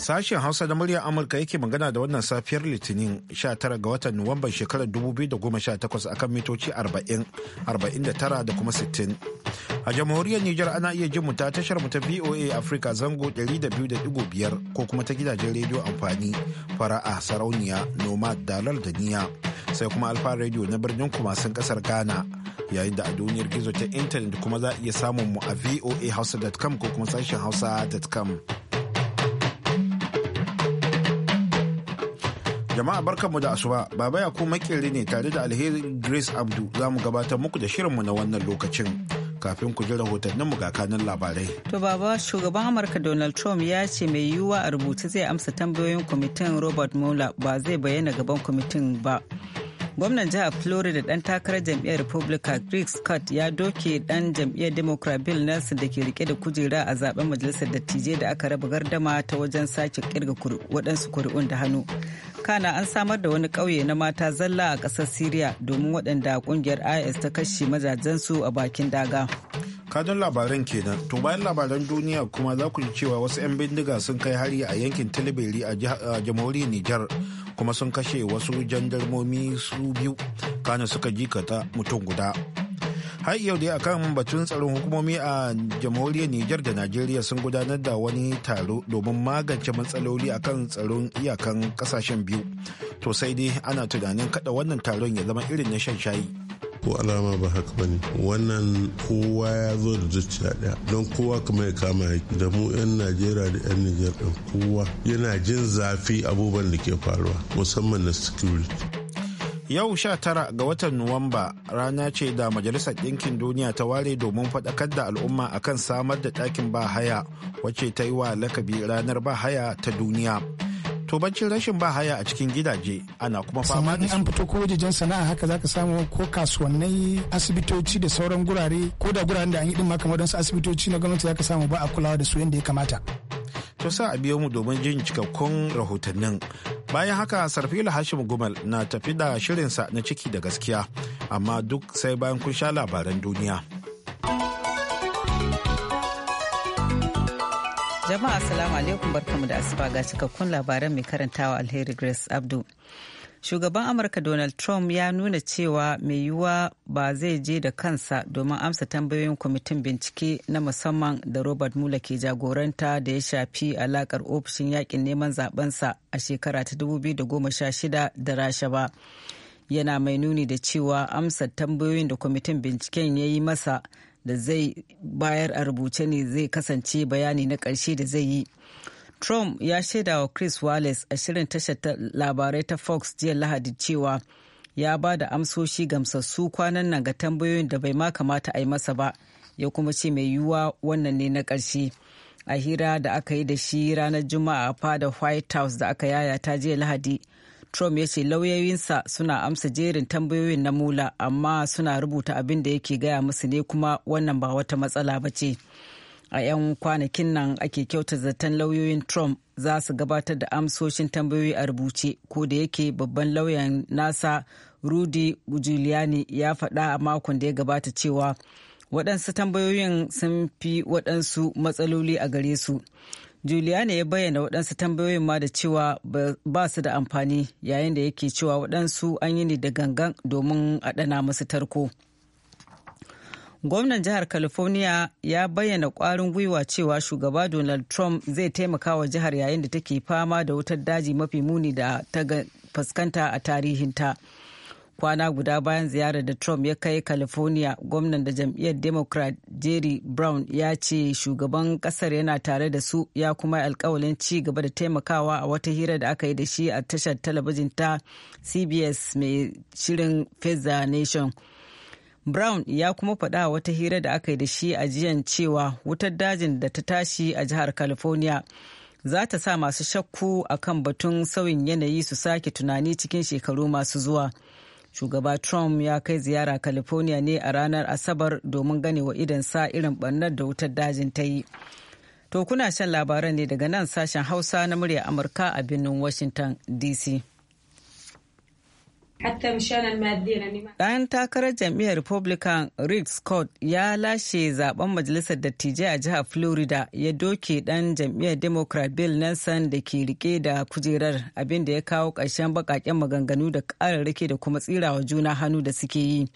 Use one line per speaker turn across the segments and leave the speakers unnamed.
Sashen Hausa da muryar Amurka yake magana da wannan safiyar Litinin 19 ga watan Nuwamban shekarar 2018 akan mitoci 49 da kuma 60. A jamhuriyar Nijar ana iya jin mu ta tashar mu ta VOA Africa zango 200.5 ko kuma ta gidajen rediyo amfani Fara a sarauniya nomad dalar da niya sai kuma alfa rediyo na birnin kumasin kasar Ghana yayin da a duniyar gizo ta intanet kuma za a iya samun mu a voahausa.com ko kuma sashen hausa.com. Jama'a barkanmu da asuba, baba ya ko makere ne tare da alherin Grace Abdu za mu gabatar muku da shirinmu na wannan lokacin. Kafin ku ji rahotanninmu ga kanin labarai.
To baba shugaban Amurka Donald Trump ya ce mai yiwuwa a rubuce zai amsa tambayoyin kwamitin Robert Mueller ba zai bayyana gaban kwamitin ba. gwamnan jihar florida dan takarar jam'iyyar republican greg scott ya doke dan jam'iyyar democrat bill nelson da ke rike da kujera a zaben majalisar dattijai da aka raba gardama ta wajen sake kirga waɗansu kuri'un da hannu kana an samar da wani ƙauye na mata zalla a ƙasar syria domin waɗanda ƙungiyar is ta kashe mazajensu a bakin daga
kanun labaran kenan to bayan labaran duniya kuma za ku ji cewa wasu 'yan bindiga sun kai hari a yankin tilibiri a jamhuriyar nijar kuma sun kashe wasu jandarmomi su biyu kana suka jikata mutum guda har yau dai akan batun tsaron hukumomi a jamhuriyar nijar da najeriya sun gudanar da wani taro domin magance matsaloli akan tsaron iyakan kasashen biyu to sai dai ana tunanin kada wannan taron ya zama irin na shan shayi
ko alama ba haka ba ne wannan kowa ya zo da zuciya daya don kowa kuma ya kama yaki da mu yan najeriya da yan nijar din kowa yana jin zafi abubuwan da ke faruwa musamman na security
Yau 19 ga watan Nuwamba rana ce da Majalisar Ɗinkin Duniya ta ware domin faɗakar da al'umma akan samar da ɗakin bahaya wacce ta yi wa lakabi ranar bahaya ta duniya. to rashin ba haya a cikin gidaje ana kuma fama da an
fito ko wajejen sana'a haka zaka samu ko kasuwannai asibitoci da sauran gurare ko da guraren da an yi din maka wadansu asibitoci na gwamnati zaka samu ba a kulawa da su yadda ya kamata
to sa a biyo mu domin jin cikakkun rahotannin bayan haka sarfila hashim gumal na tafi da shirin sa na ciki da gaskiya amma duk sai bayan kun sha labaran duniya.
Jama'a Assalamu alaikum barkamu da asuba ga cikakkun labaran mai karantawa Alheri Grace Abdu. Shugaban Amurka Donald Trump ya nuna cewa mai yiwuwa ba zai je da kansa domin amsa tambayoyin kwamitin bincike na musamman da Robert Mueller ke jagoranta da ya shafi alakar ofishin yakin neman zabensa a shekara ta 2016 da Rasha ba. Yana mai nuni da cewa amsa tambayoyin da kwamitin binciken ya yi masa da zai bayar a rubuce ne zai kasance bayani na ƙarshe da zai yi trump ya shaida wa chris wallace a shirin tashar labarai ta fox jiya lahadi cewa ya ba da amsoshi gamsassu kwanan nan ga tambayoyin da bai ma kamata a yi masa ba ya kuma ce mai yiwuwa wannan ne na ƙarshe a hira da aka yi da shi ranar juma'a a fada white house da aka yaya ta jiya lahadi Trump ya ce lauyoyinsa suna amsa jerin tambayoyin na mula amma suna rubuta abin da yake gaya musu ne kuma wannan ba wata matsala ba ce. A 'yan kwanakin nan ake kyauta zaton lauyoyin Trump za su gabatar da amsoshin tambayoyi a rubuce ko da yake babban lauyan nasa Rudy Giuliani ya faɗa a makon da ya gabata cewa waɗansu tambayoyin sun fi waɗansu matsaloli a gare su. Juliana ya bayyana waɗansu tambayoyin ma da cewa ba su da amfani yayin da yake cewa waɗansu an yi ne da gangan domin a ɗana masu tarko. Gwamnan jihar California ya bayyana ƙwarin gwiwa cewa shugaba Donald Trump zai taimaka wa jihar yayin da take fama da wutar daji mafi muni da ta fuskanta a tarihinta. ta. kwana guda bayan ziyarar da trump ya kai california gwamnan da jam'iyyar democrat jerry brown ya ce shugaban kasar yana tare da su ya kuma alkawalin ci gaba da taimakawa a wata hira da aka yi da shi a tashar talabijin ta cbs mai shirin feza nation brown ya kuma faɗa wata hira da aka yi da shi a jiyan cewa wutar dajin da ta tashi a jihar california za ta sa masu shakku akan batun sauyin yanayi su sake tunani cikin shekaru masu zuwa. shugaba trump ya kai ziyara california ne a ranar asabar domin gane wa sa irin barnar da wutar dajin ta yi to kuna shan labaran ne daga nan sashen hausa na murya amurka a birnin washington dc Ɗan takarar jam'iyyar Republican Rick Scott ya lashe zaben majalisar dattijai a jihar Florida ya doke ɗan jam'iyyar Democrat Bill Nelson da ke rike da kujerar abinda ya kawo ƙarshen baƙaƙen maganganu da ƙararraki da kuma tsirawa juna hannu da suke yi.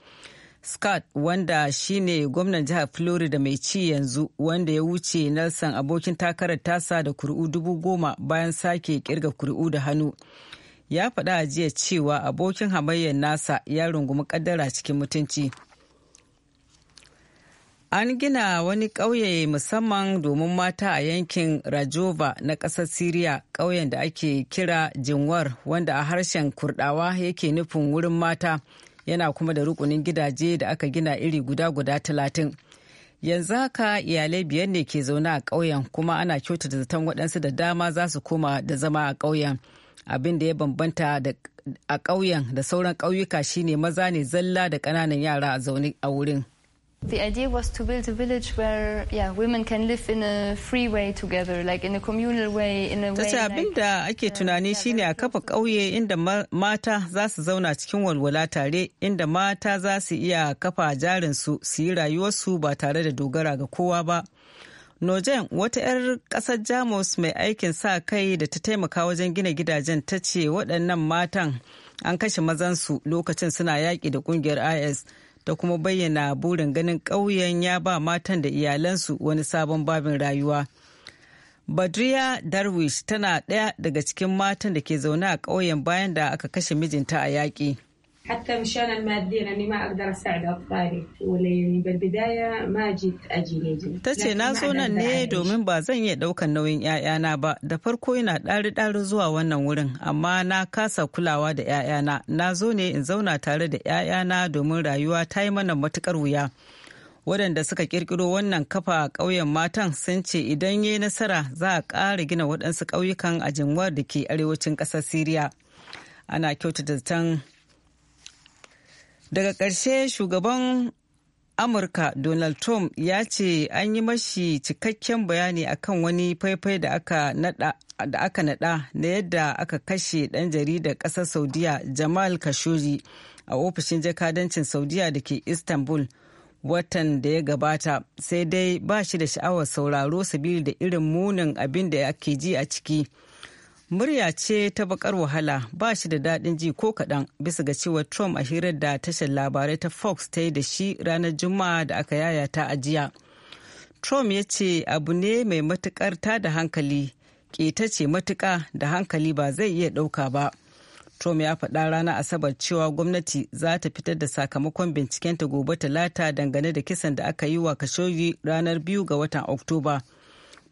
Scott wanda shine gwamnan jihar Florida mai ci yanzu wanda ya wuce Nelson abokin takarar tasa da kuri'u dubu goma bayan sake kirga kuri'u da hannu. ya faɗa a jiya cewa abokin hamayyar nasa ya rungumi kaddara cikin mutunci an gina wani ƙauye musamman domin mata a yankin rajova na ƙasar siriya ƙauyen da ake kira jinwar wanda a harshen kurdawa yake nufin wurin mata yana kuma da rukunin gidaje da aka gina iri guda guda talatin yanzu haka iyalai biyar ne ke zaune a ƙauyen kuma ana kyautata zaton waɗansu da dama za su koma da zama a ƙauyen abin da ya bambanta a ƙauyen da sauran ƙauyuka shine maza ne zalla da ƙananan yara a zaune a wurin
The idea was to build a village where yeah, women can live in a free way together, like in a communal way, in a way. abin
da ake tunani shine a kafa ƙauye inda mata za su zauna cikin walwala tare, inda mata za su iya kafa jarinsu su yi rayuwarsu ba tare da dogara ga kowa ba. Nojen wata 'yar ƙasar Jamus mai aikin sa kai da ta taimaka wajen gina gidajen ta ce waɗannan matan an kashe mazansu lokacin suna yaƙi da ƙungiyar IS ta kuma bayyana burin ganin ƙauyen ya ba matan da iyalansu wani sabon babin rayuwa. Badriya Darwish tana ɗaya daga cikin matan da ke zaune a ƙauyen bayan da aka kashe mijinta a yaƙi. حتى مشان المادي لاني ما اقدر اساعد اطفالي بالبدايه ما جيت اجي na zo nan ne domin ba zan iya ɗaukan nauyin ‘ya'yana ba da farko yana ɗari ɗari zuwa wannan wurin amma na kasa kulawa da ‘ya'yana na zo ne in zauna tare da ‘ya'yana domin rayuwa ta yi mana matukar wuya waɗanda suka kirkiro wannan kafa ƙauyen matan sun ce idan yi nasara za a ƙara gina waɗansu ƙauyukan a jinwar da ke arewacin ƙasar siriya ana kyautata zaton daga ƙarshe shugaban amurka donald trump ya ce an yi mashi cikakken bayani akan wani faifai da aka nada na yadda aka kashe ɗan jaridar ƙasar saudiya jamal khashoggi a ofishin jakadancin saudiya da ke istanbul watan da ya gabata sai dai ba shi da sha'awar sauraro sabili da irin munin abin da ake ji a ciki murya ce ta bakar wahala ba shi da daɗin ji ko kaɗan bisa ga cewa trump a hirar da tashar labarai ta fox ta yi da shi ranar juma'a da aka yaya ta ajiya trump ya ce abu ne mai matukar ta da hankali keta ce matuka da hankali ba zai iya ɗauka ba trump ya faɗa ranar asabar cewa gwamnati za ta fitar da sakamakon bincikenta gobe talata dangane da kisan da aka yi wa kashogi ranar biyu ga watan oktoba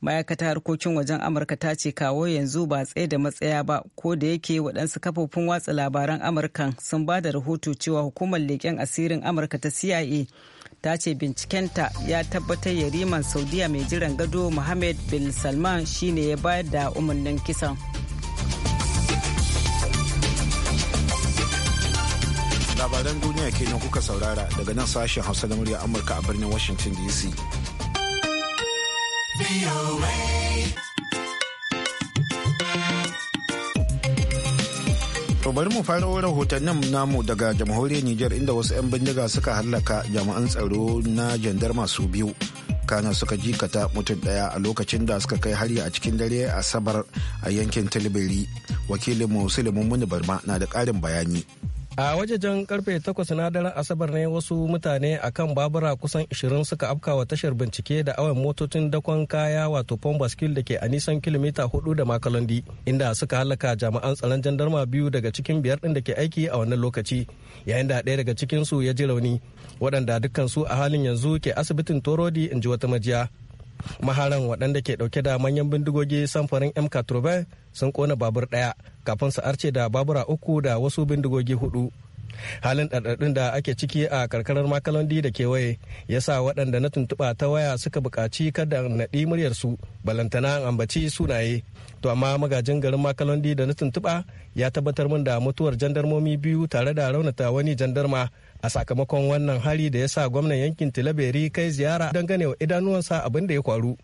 ma'aikata harkokin wajen amurka ta ce kawo yanzu ba tsaye da matsaya ba ko da yake waɗansu kafofin watsa labaran amurkan sun ba da rahoto cewa hukumar leƙen asirin amurka ta cia ta ce bincikenta ya tabbatar yariman saudiya mai jiran gado mohammed bin salman shine ya bayar da umarnin kisan
labaran duniya kenan kuka saurara daga nan sashen hausa na murya amurka a birnin washington dc to bari mu fara rahotannin namu daga jamhuriyar Nijar inda wasu 'yan bindiga suka hallaka jami'an tsaro na jandar masu biyu. Kana suka jikata mutum daya a lokacin da suka kai hari a cikin dare a sabar a yankin Tilbiri. Wakilin Musulmin Muni Barma na da ƙarin bayani.
a wajajen karfe 8 na daren asabar ne wasu mutane a kan babura kusan 20 suka afka wa tashar bincike da awon motocin dakon kaya wato pon da ke a nisan kilomita 4 da makalandi inda suka halaka jami'an tsaron jandarma biyu daga cikin biyar din da ke aiki a wannan lokaci yayin da ɗaya daga cikin su ya ji rauni waɗanda dukkansu a halin yanzu ke asibitin torodi in ji wata majiya maharan waɗanda ke ɗauke da manyan bindigogi samfarin m 80 sun kona babur ɗaya kafin su arce da babura uku da wasu bindigogi hudu halin ɗarɗarɗin da ake ciki a karkarar makalandi da kewaye ya sa waɗanda na tuntuɓa ta waya suka buƙaci kada naɗi muryarsu balantana ambaci sunaye to amma magajin garin makalandi da na tuntuɓa ya tabbatar min da mutuwar jandarmomi biyu tare da raunata wani jandarma a sakamakon wannan hari da ya sa gwamnan yankin tilaberi kai ziyara don ganewa idanuwansa abin da ya kwaru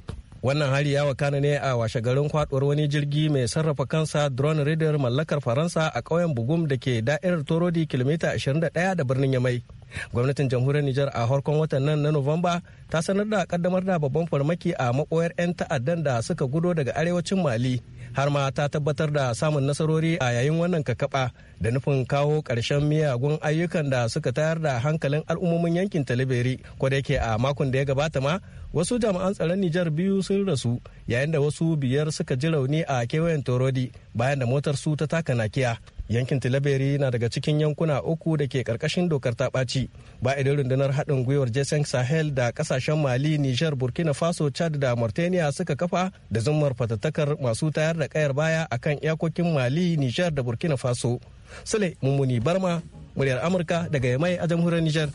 wannan hari ya wakana ne a washegarin kwaduwar wani jirgi mai sarrafa kansa drone reader mallakar faransa a ƙauyen bugum da ke da'irar torodi kilomita 21 da birnin yamai gwamnatin jamhuriyar nijar a harkon watan nan na nuwamba ta sanar da kaddamar da babban farmaki a makoyar 'yan ta'addan da suka gudo daga arewacin mali har ma ta tabbatar da samun nasarori a yayin wannan kakaba da nufin kawo karshen miyagun ayyukan da suka tayar da hankalin al'ummomin yankin talibiri ko da yake a makon da ya gabata ma wasu jami'an tsaron nijar biyu sun rasu yayin da wasu biyar suka ji rauni a kewayen torodi bayan da motar su ta taka nakiya yankin tilaberi na daga cikin yankuna uku da ke karkashin dokar ta ɓaci ba idan rundunar haɗin gwiwar jason sahel da ƙasashen mali niger burkina faso chad da mauritania suka kafa da zummar fatattakar masu tayar da kayar baya akan iyakokin mali niger da burkina faso sule mummuni barma muryar amurka daga yamai a jamhuriyar niger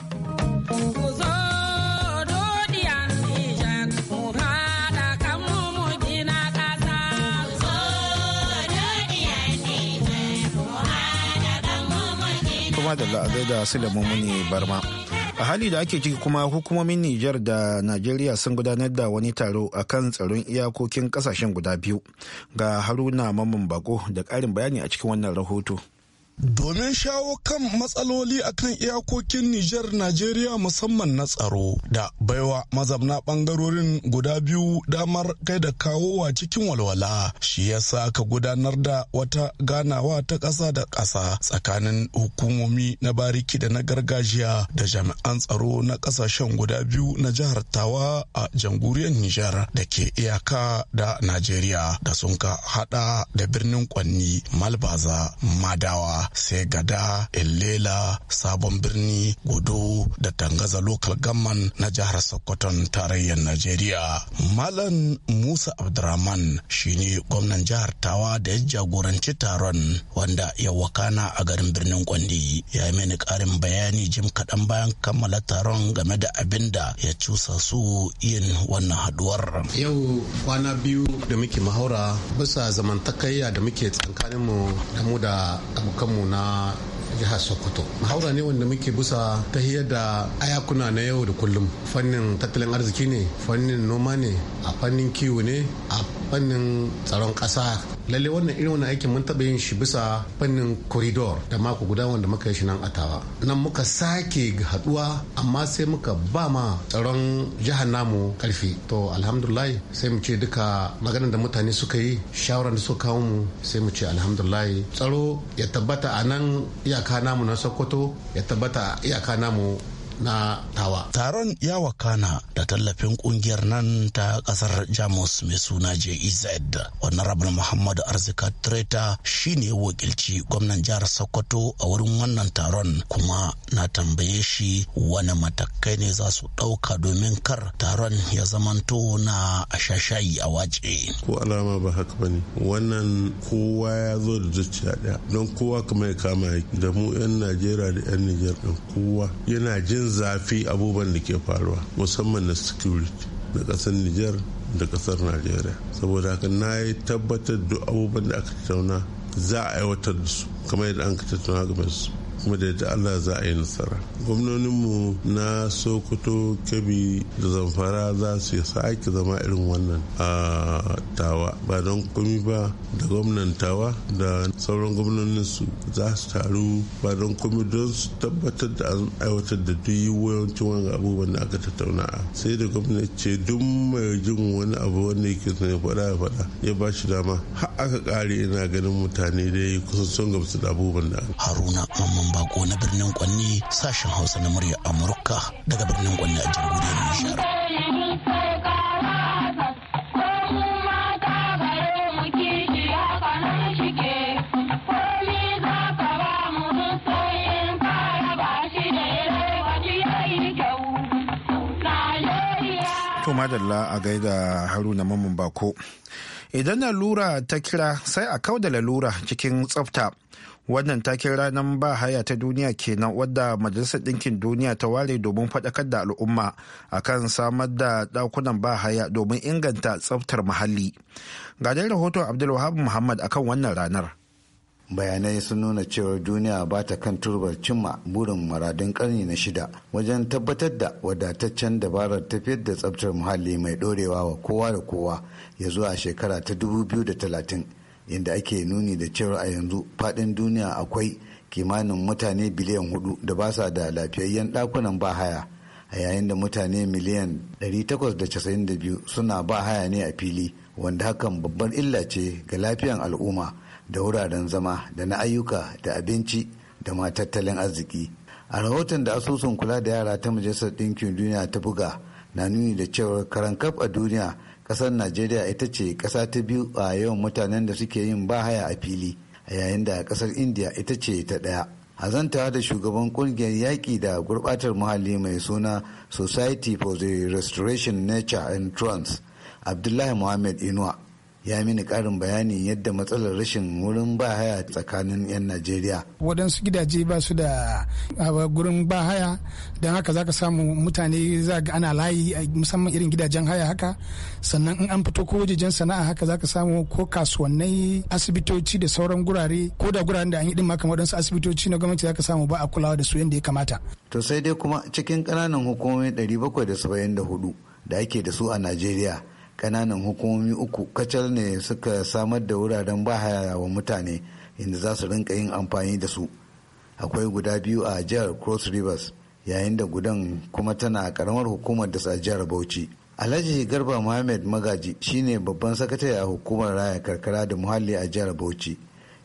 da a da Muni Barma. A hali da ake ciki kuma hukumomin Nijar da Najeriya sun gudanar da wani taro a kan tsaron iyakokin kasashen guda biyu ga Haruna Mamman Bako da karin bayani a cikin wannan rahoto.
domin shawo kan matsaloli akan iyakokin Nijar Najeriya musamman na tsaro da baiwa mazamna bangarorin guda biyu damar kai da kawowa cikin walwala shi yasa ka gudanar da wata ganawa ta ƙasa da ƙasa tsakanin hukumomi na bariki da na gargajiya da jami'an tsaro na ƙasashen guda biyu na jihar Tawa a jamhuriyar Nijar da ke iyaka da Najeriya da sun ka hada da birnin Kwanni Malbaza Madawa sai Gada, Illela, Sabon Birni, godo, da Tangaza Lokal Gamman na jihar Sokoto tarayyar Najeriya. Malam Musa Abdurrahman shine gwamnan jihar Tawa da ya jagoranci taron wanda ya wakana a garin birnin Kwandi. Ya yi mini ƙarin bayani jim kaɗan bayan kammala taron game da abin da ya cusa su yin wannan haduwar. Yau kwana biyu da muke mahaura bisa zamantakayya da muke tsakaninmu da mu da abokan mu na jihar sokoto haura ne wanda muke busa ta da ayakuna na yau da kullum fannin tattalin arziki ne fannin noma ne a fannin kiwo ne a fannin tsaron kasa. lalle wannan irin wani aikin mun taɓa yin shi bisa fannin koridor da mako guda wanda muka yi shi nan atawa nan muka sake haduwa amma sai muka ba ma tsaron jihar namu karfi to alhamdulillah sai mu ce duka maganar da mutane suka yi shawarar da suka kawo mu sai mu ce alhamdulillah tsaro ya tabbata a nan iyaka namu na sokoto ya tabbata a iyaka namu na tawa. Taron ya wakana da tallafin kungiyar nan ta kasar Jamus mai suna JEZ. Wannan rabin Muhammad Arzika Treta shi ne wakilci gwamnan jihar Sokoto a wurin wannan taron kuma na tambaye shi wani matakai ne za su ɗauka domin kar taron ya zamanto na shashayi a
wace. Ko alama ba haka ba ne wannan kowa ya zo da zuciya ɗaya don kowa kuma ya kama da mu 'yan Najeriya da 'yan Nijar ɗin kowa yana jin zafi abubuwan da ke faruwa musamman na security na kasar niger da kasar najeriya saboda haka na yi tabbatar duk abubuwan da aka tattauna za a aiwatar da su kamar yadda an ka tattauna game su kuma da Allah za a yi nasara gwamnoninmu na sokoto kebbi da zamfara za su sake zama irin wannan a tawa ba don komi ba da gwamnan tawa da sauran gwamnonin su za su taru ba don komi don su tabbatar da an aiwatar da duk yawancin wani abubuwan da aka tattauna sai da gwamnati ce duk mai jin wani abu wanda yake sanya faɗa ya faɗa ya ba shi dama har aka kare ina ganin mutane dai kusan sun gamsu da abubuwan da haruna mamman bako na birnin
kwanni sashen hausa na murya amurka daga birnin kwanni
a jirgin nishar
To madalla a gaida haruna mamman bako. idan lalura ta kira sai a da lalura cikin tsafta wannan takin ranar ba haya ta duniya kenan wadda majalisar ɗinkin duniya ta ware domin faɗakar da al'umma akan samar da ɗakunan ba haya domin inganta tsaftar
muhalli ga dai rahoton abdulwahab muhammad akan wannan ranar bayanai sun nuna cewar duniya ba ta kan turbar cimma burin maradin karni na shida wajen tabbatar da wadataccen dabarar tafiyar da tsabtar muhalli mai dorewa wa kowa da kowa ya zuwa shekara ta 2030 inda ake nuni da cewar a yanzu fadin duniya akwai kimanin mutane biliyan hudu da ba sa da lafiyayyen dakunan bahaya a yayin da mutane miliyan 892 suna bahaya ne a fili wanda hakan babbar illa ce ga lafiyan al'umma da wuraren zama da na ayyuka da abinci da ma tattalin arziki a rahoton da asusun kula da yara ta majalisar ɗinkin duniya ta buga na nuni da cewar karankaf a duniya ƙasar najeriya ita ce ƙasa ta biyu a yawan mutanen da suke yin bahaya a fili a yayin da ƙasar india ita ce ta ɗaya hazantawa da shugaban ƙungiyar yaƙi da gurɓatar muhalli mai suna society for the restoration nature and trance abdullahi muhammad inuwa ya mini karin bayanin yadda matsalar rashin wurin ba haya tsakanin 'yan najeriya
waɗansu gidaje ba su da gurin ba haya don haka zaka samu mutane za ga ana layi musamman irin gidajen haya haka sannan in an fito ko wajejen sana'a haka zaka samu ko kasuwannai asibitoci da sauran gurare ko da guraren da an yi din ma waɗansu asibitoci na gwamnati zaka samu ba a kulawa da su yadda ya kamata
to sai dai kuma cikin ƙananan hukumomi 774 da ake da su a najeriya kananan hukumomi uku kacal ne suka samar da wuraren bahaya wa mutane inda za su rinka yin amfani da su akwai guda biyu a jihar cross rivers yayin da gudan kuma tana karamar hukumar da a jihar bauchi alhaji garba muhammad magaji shine babban sakatare a hukumar raya karkara da muhalli a jihar bauchi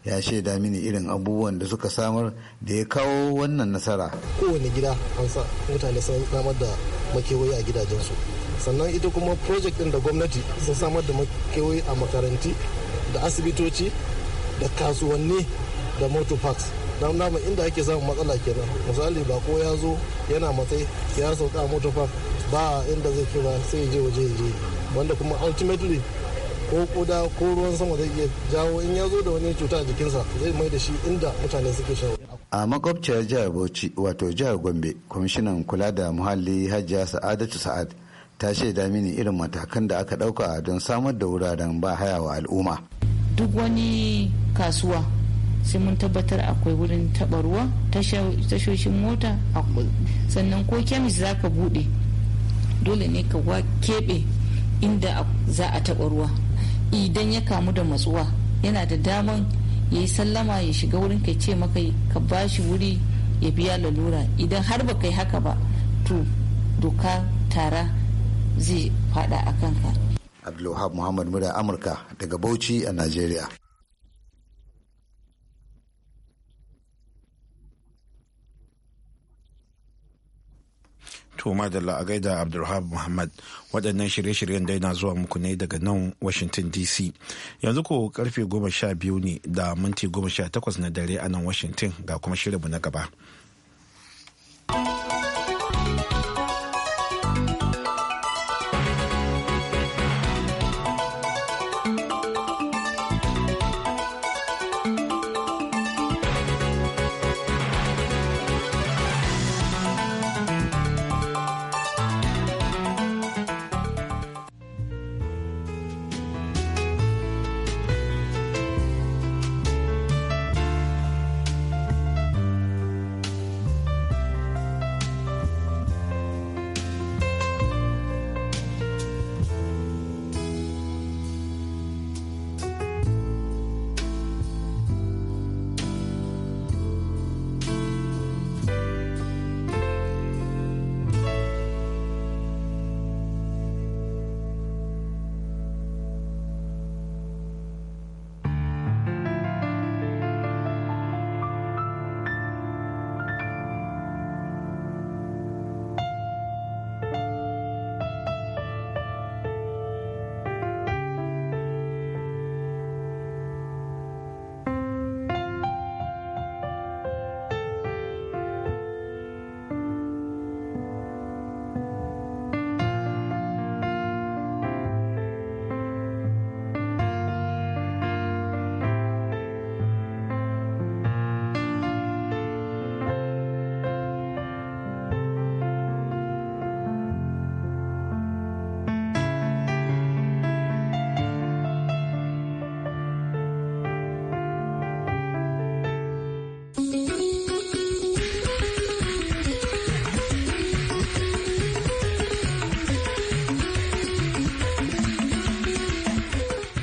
ya shaida mini irin abubuwan da suka samar da ya kawo wannan nasara
kowane gida an sa mutane sun samar da makewayi a gidajensu sannan ita kuma project din da gwamnati sun samar da makewai a makaranti da asibitoci da kasuwanni da moto parks don namu inda ake samun matsala kenan misali ba ko ya zo yana matsayi ya sauka a moto park ba inda zai kira sai je waje je wanda kuma ultimately ko koda ko ruwan sama zai iya jawo in ya zo da wani cuta a jikinsa zai mai da shi inda
mutane suke shan
a makwabciyar jihar bauchi wato jihar gombe kwamishinan kula da muhalli hajiya sa'adatu sa'ad ta shaida mini irin matakan da aka ɗauka don samar da wuraren ba haya wa al'umma.
Duk wani kasuwa sai mun tabbatar akwai wurin taɓa ruwa tashoshin mota sannan ko kemis za ka buɗe dole ne ka wa keɓe inda za a taɓa ruwa idan ya kamu da matsuwa yana da daman ya yi sallama ya shiga wurin ka ce maka ka ba shi wuri ya biya lalura idan har ba yi haka ba to doka tara zai fada a kanka.
Abdulwahab Muhammad Mura Amurka daga Bauchi a Najeriya.
To madalla a gaida Abdulwahab Muhammad waɗannan shirye-shiryen dai na zuwa muku ne daga nan Washington DC. Yanzu ko karfe goma sha biyu ne da minti goma sha takwas na dare a nan Washington ga kuma shirinmu na gaba.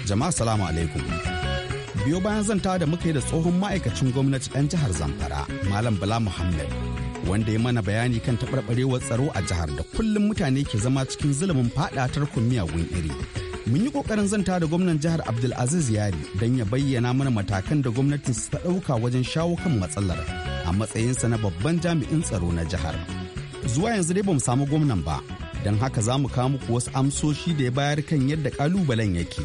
jama'a salamu alaikum biyo bayan zanta da muka yi da tsohon ma'aikacin gwamnati ɗan jihar zamfara malam bala muhammad wanda ya mana bayani kan taɓarɓarewar tsaro a jihar da kullum mutane ke zama cikin zulumin faɗa tarkon miyagun iri mun yi ƙoƙarin zanta da gwamnan jihar abdulaziz yari don ya bayyana mana matakan da gwamnatin ta ɗauka wajen shawo kan matsalar a matsayinsa na babban jami'in tsaro na jihar zuwa yanzu dai bamu samu gwamnan ba don haka za mu kawo muku wasu amsoshi da ya bayar kan yadda ƙalubalen yake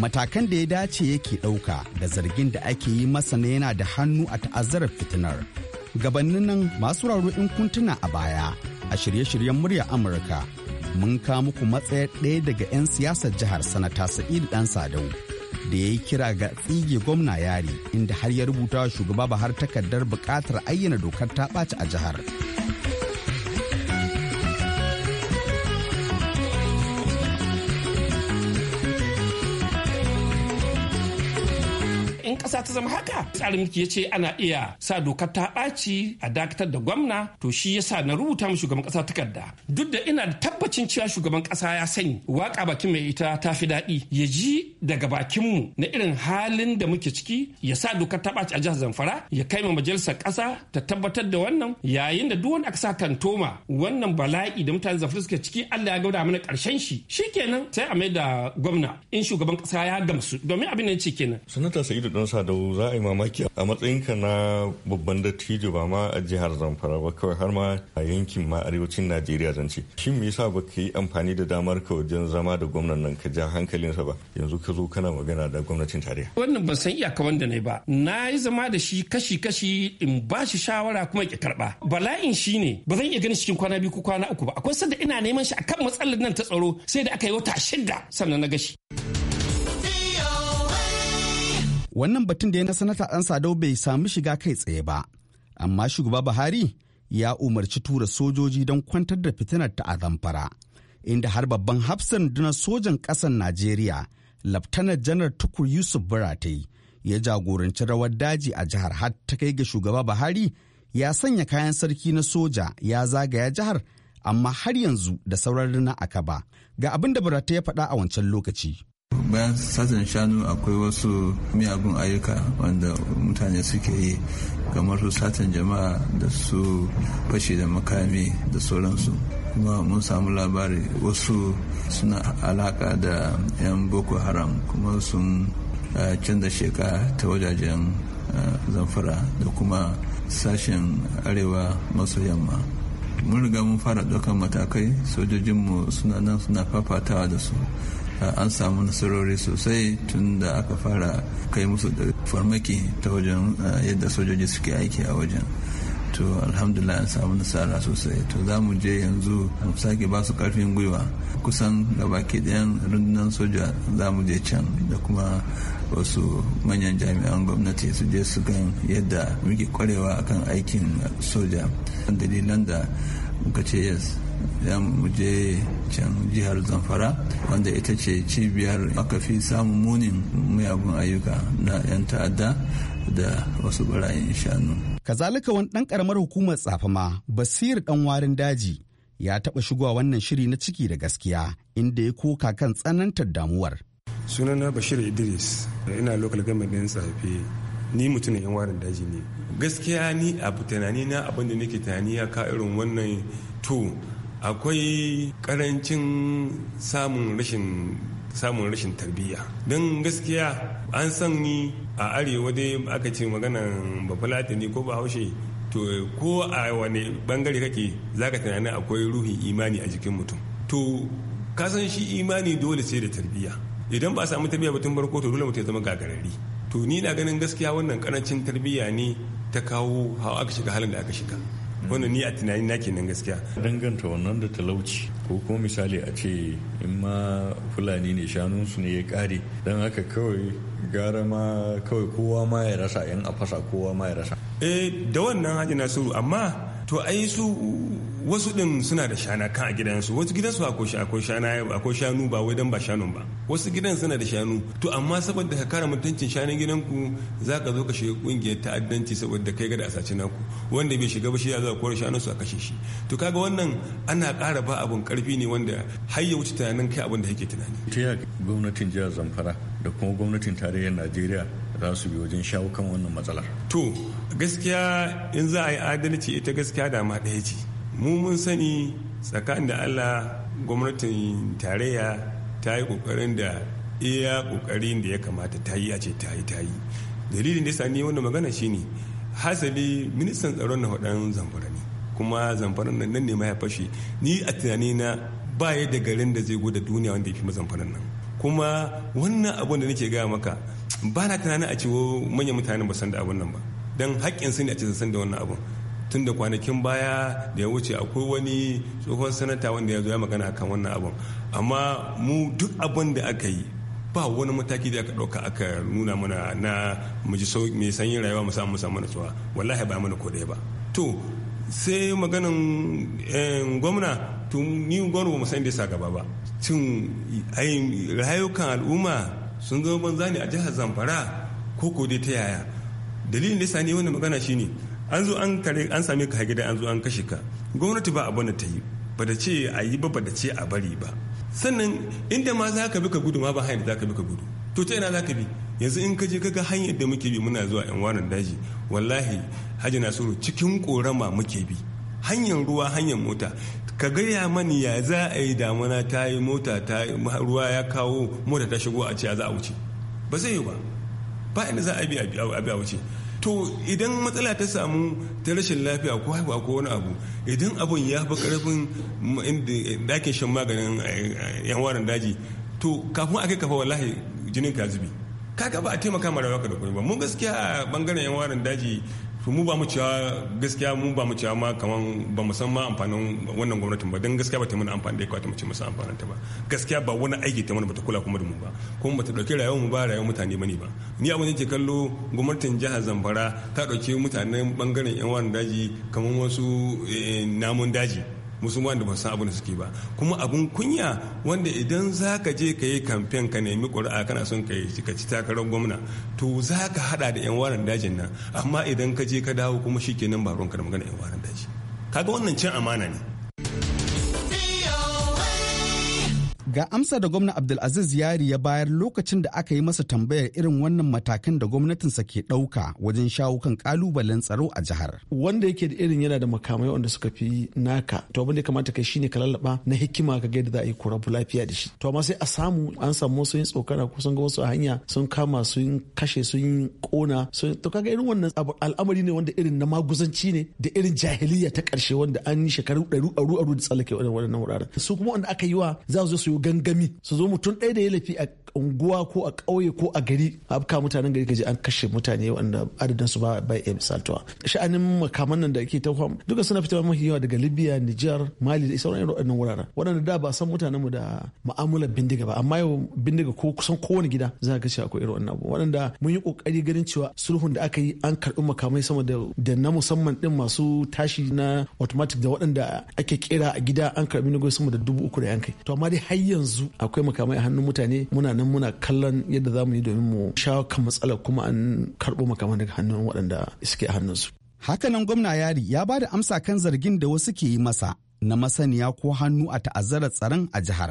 matakan da ya dace yake ɗauka da zargin da ake yi masa na yana da hannu a ta'azzarar fitinar. Gabanin nan masu raro in kuntuna a baya a shirye-shiryen murya Amurka mun ka muku matsayar ɗaya daga 'yan siyasar jihar sanata Sa'id Dan Sadau da ya yi kira ga tsige gwamna yari inda har ya rubuta shugaba har takardar buƙatar ayyana dokar ta ɓaci a jihar.
kasa ta zama haka tsarin mulki ya ce ana iya sa dokar ta ɓaci a dakatar da gwamna to shi ya sa na rubuta mu shugaban ƙasa takarda duk da ina da tabbacin cewa shugaban ƙasa ya sani waka bakin mai ita ta fi daɗi ya ji daga bakinmu na irin halin da muke ciki ya sa dokar ta ɓaci a jihar zamfara ya kai ma majalisar ƙasa ta tabbatar da wannan yayin da duk wanda aka sa kantoma wannan bala'i da mutane zamfara suke ciki Allah ya gauda mana ƙarshen shi shikenan sai a mai da gwamna in shugaban kasa ya gamsu domin abin da ya ce kenan sanata sa'idu dan da za a yi mamaki a matsayinka na babban dattijo ba ma a jihar zamfara ba kawai har ma a yankin ma arewacin najeriya zance shi me yasa ka yi amfani da damar ka wajen zama da gwamnan nan ka ja hankalinsa ba yanzu ka zo kana magana da gwamnatin tarayya wannan ban san iyaka wanda ne ba na yi zama da shi kashi kashi in ba shi shawara kuma ya karba bala'in shine ba zan iya ganin cikin kwana biyu ko kwana uku ba akwai sanda ina neman shi akan matsalar nan ta tsaro sai da aka yi wata shida sannan na gashi.
wannan batun da ya na sanata ɗan sadau bai sami shiga kai tsaye ba amma shugaba buhari ya umarci tura sojoji don kwantar da fitinar ta a zamfara inda har babban hafsan na sojan ƙasar najeriya laftanar janar tukur yusuf buratai ya jagoranci rawar daji a jihar har ta kai ga shugaba buhari ya sanya kayan sarki na soja ya zagaya jihar amma har yanzu da sauran rina aka ba. ga abin da buratai ya faɗa a wancan lokaci
bayan satin shanu akwai wasu miyagun ayyuka wanda mutane suke yi kamar su satin jama'a da su fashe da makami da sauransu kuma mun samu labari wasu suna alaka da 'yan boko haram kuma sun canza sheka ta wajajen zamfara da kuma sashen arewa maso yamma mun riga mun fara ɗaukar matakai sojojinmu suna nan suna fafatawa da su an samu nasarori sosai tun da aka fara kai musu da farmaki ta wajen eh, yadda sojoji suke aiki a wajen to alhamdulillah an samu nasara sosai to za mu je yanzu mu sake ba su karfin gwiwa kusan gabaki ɗayan rundunar soja za mu je can da kuma wasu manyan jami'an gwamnati su je su gan yadda muke kwarewa akan aikin soja dalilan da muka ce yes za mu can jihar zamfara wanda ita ce cibiyar aka fi samun munin muyagun ayyuka na 'yan ta'adda da wasu
barayin shanu kazalika wani ɗan karamar hukumar tsafama basir dan warin daji ya taba shigowa wannan shiri na ciki da gaskiya inda ya koka kan tsanantar damuwar
sunana bashir idris ina local government ɗin ni mutumin yan warin daji ne gaskiya ni abu tunani na abin da nake tunani ya ka irin wannan to akwai karancin samun rashin samun rashin tarbiyya don gaskiya an san ni a arewa dai aka ce maganan bafulatani ko bahaushe to ko a wani bangare kake zaka tunanin akwai ruhin imani a jikin mutum to kasan shi imani dole sai da tarbiyya idan ba a samu tarbiyya ba tun farko to dole mutum ya zama gagarari to ni na ganin gaskiya wannan karancin tarbiyya ne ta kawo hawa aka shiga halin da aka shiga wannan ni a tunanin na kenan gaskiya danganta wannan da talauci ko kuma misali a ce in ma fulani ne shanunsu ne ya
kare don haka kawai gara ma kawai kowa ma ya rasa yan a fasa kowa ma
ya rasa eh da wannan hajji nasiru amma to ai su wasu din suna da shana kan a gidansu wasu gidansu akwai shanu ba wai dan ba shanun ba wasu gidan suna da shanu to amma saboda ka kara mutuncin shanun gidanku za ka zo ka shiga kungiyar ta'addanci saboda kai ga da asaci naku wanda bai shiga ba shi ya zo kore shanun su a kashe shi to kaga wannan ana kara ba abun karfi ne wanda har ya wuce tunanin kai abin da yake tunani ya gwamnatin
jihar zamfara da kuma gwamnatin tarayyar najeriya za su bi wajen shawo kan wannan matsalar
to gaskiya in za a yi adalci ita gaskiya da ma ɗaya ce mu mun sani tsakanin da allah gwamnatin tarayya ta yi ƙoƙarin da iya ƙoƙarin da ya kamata ta yi a ce ta yi ta yi dalilin da ya sani wannan magana shine hasali ministan tsaron na hudan zamfara ne kuma zamfaran nan ne ma ya fashe ni a tunani na ba ya da garin da zai goda duniya wanda ya fi mazamfaran nan kuma wannan abun da nake gaya maka ba na tunanin a cewa manyan mutane ba san da abun nan ba don haƙƙin su ne a ce san da wannan abun tun da kwanakin baya da ya wuce akwai wani tsohon sanata wanda ya zo ya magana kan wannan abun amma mu duk abun da aka yi ba wani mataki da aka ɗauka aka nuna mana na mu ji mai sanyin rayuwa mu samu mu samu wallahi ba mana kodai ba to sai maganan eh, gwamna to ni gwamna ba mu san da ya sa gaba ba cin rayukan al'umma sun zama banza ne a jihar zamfara ko ko ta yaya dalilin da sani wanda magana shine an zo an kare an same ka gida an zo an kashe ka gwamnati ba abin da ta yi ba da ce a yi ba ba da ce a bari ba sannan inda ma za ka bi ka gudu ma ba hanyar da za ka bi ka gudu to ta ina za ka bi yanzu in ka je ka ga hanyar da muke bi muna zuwa yan wanan daji wallahi hajji nasiru cikin korama muke bi hanyar ruwa hanyar mota ka gaya mani ya za a yi damuna ta yi mota ta ruwa ya kawo mota ta shigo a ce za a wuce ba zai yi ba ba inda za a bi a wuce to idan matsala ta samu ta rashin lafiya ko haihuwa ko wani abu idan abun ya fi karfin dakin shan maganin eh, yan warin daji to kafin a kai kafa wallahi jinin ka zubi ba a taimaka ma rayuwa da kuma ba mun gaskiya a bangaren yan warin daji to mu ba mu cewa gaskiya mu ba mu cewa ma kaman ba mu san ma amfanin wannan gwamnatin ba don gaskiya ba ta mana amfani da ya kwata mu ce amfanin ta ba gaskiya ba wani aiki ta mana ba ta kula kuma da mu ba kuma ba ta dauki rayuwar mu ba rayuwar mutane bane ba ni abin da ke kallo gwamnatin jihar Zamfara ta dauki mutanen bangaren yan wani daji kaman wasu eh, namun daji musulman da ba san abin da suke ba kuma abin kunya wanda idan za ka je ka yi kamfen ka nemi ƙuri'a kana son ka yi ka ci takarar gwamna to za ka haɗa da yan waran dajin nan amma idan ka je ka dawo kuma shi nan ba ruwanka da magana yan waran daji kaga wannan cin amana ne
Ga amsa da gwamna Abdulaziz Yari ya bayar lokacin da aka yi masa tambayar irin wannan matakan da gwamnatinsa ke ɗauka wajen shawo kan kalubalen tsaro a jihar.
Wanda yake da irin yana da makamai wanda suka fi naka, to abin da ya kamata kai shine ka lallaba na hikima ka ga yadda za a yi kurabu lafiya da shi. To amma sai a samu an samu wasu yin tsokana ko sun ga wasu a hanya sun kama sun kashe sun kona to kaga irin wannan al'amari ne wanda irin na maguzanci ne da irin jahiliya ta ƙarshe wanda an yi shekaru ɗaru aru aru da tsallake wannan wuraren. Su kuma wanda aka yi wa za su zo su yi gangami su zo mutum ɗaya da ya lafi a unguwa ko a ƙauye ko a gari afka mutanen gari kaji an kashe mutane wanda adadin su ba ba iya misaltuwa sha'anin makaman nan da ake ta duka suna fitowa mafi yawa daga libya niger mali da sauran irin waɗannan wuraren waɗanda da ba san mutanen mu da mu'amalar bindiga ba amma yau bindiga ko kusan kowane gida za ka cewa akwai irin wannan abu waɗanda mun yi ƙoƙari ganin cewa sulhun da aka yi an karɓi makamai sama da na musamman din masu tashi na automatic da waɗanda ake kera a gida an karɓi na sama da dubu uku da yankai to amma dai yanzu akwai makamai a hannun mutane muna nan muna kallon yadda za mu yi domin mu shawo kan matsalar kuma an karɓo makamai daga hannun waɗanda suke
a hannunsu. Hakanan gwamna yari ya ba da amsa kan zargin da wasu ke yi masa na masaniya ko hannu a ta'azzarar tsaron a jihar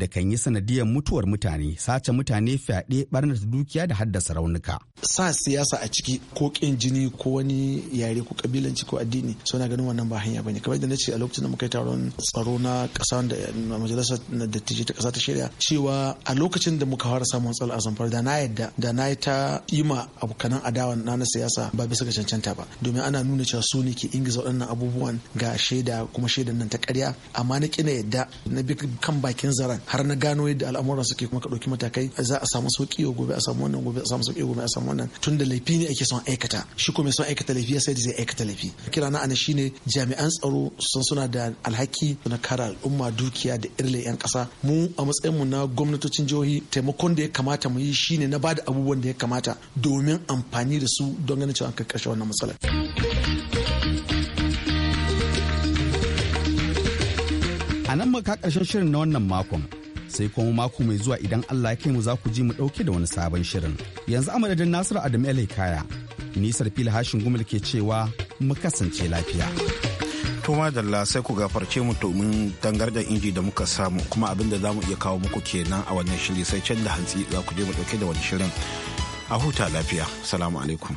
da kan yi sanadiyar mutuwar mutane sace mutane fyaɗe barnar dukiya da haddasa raunuka
sa siyasa a ciki ko kin jini ko wani yare ko kabilanci ko addini suna ganin wannan ba hanya bane kamar da na ce a lokacin da muka yi taron tsaro na ƙasa da majalisar dattijai ta ƙasa ta shirya cewa a lokacin da muka fara samun tsalo a zamfara da na yadda da na ta yi ma abokanan adawa na na siyasa ba bisa ga cancanta ba domin ana nuna cewa su ne ke ingiza waɗannan abubuwan ga shaida kuma shaidan nan ta ƙarya amma na kina yadda na bi kan bakin zaran har na gano yadda al'amuran suke kuma ka ɗauki matakai za a samu sauki yau gobe a samu wannan gobe a samu sauki gobe a samu wannan tun da laifi ne ake son aikata shi kuma son aikata laifi ya sai da zai aikata laifi kira na ana shine jami'an tsaro sun suna da alhaki na kare al'umma dukiya da irle yan ƙasa mu a matsayin mu na gwamnatocin jihohi taimakon da ya kamata mu yi shine na bada abubuwan da ya kamata domin amfani da su don ganin cewa an kai wannan
matsalar. A nan muka karshen shirin na wannan makon. Sai kuma mako mai zuwa idan Allah ya kai mu za ku ji mu ɗauke da wani sabon shirin. Yanzu a madadin Nasiru Adamu Ele Kaya. Nisar fili hashin gumul ke cewa mu kasance lafiya.
To Dalla sai ku gafarce mu domin dangardar inji da muka samu kuma abin da za iya kawo muku kenan a wannan shiri sai can da hantsi za ku je mu ɗauke da wani shirin. A huta lafiya. Salamu alaikum.